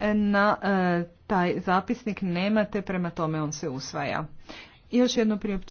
E, na e, taj zapisnik nemate, prema tome on se usvaja. Još jedno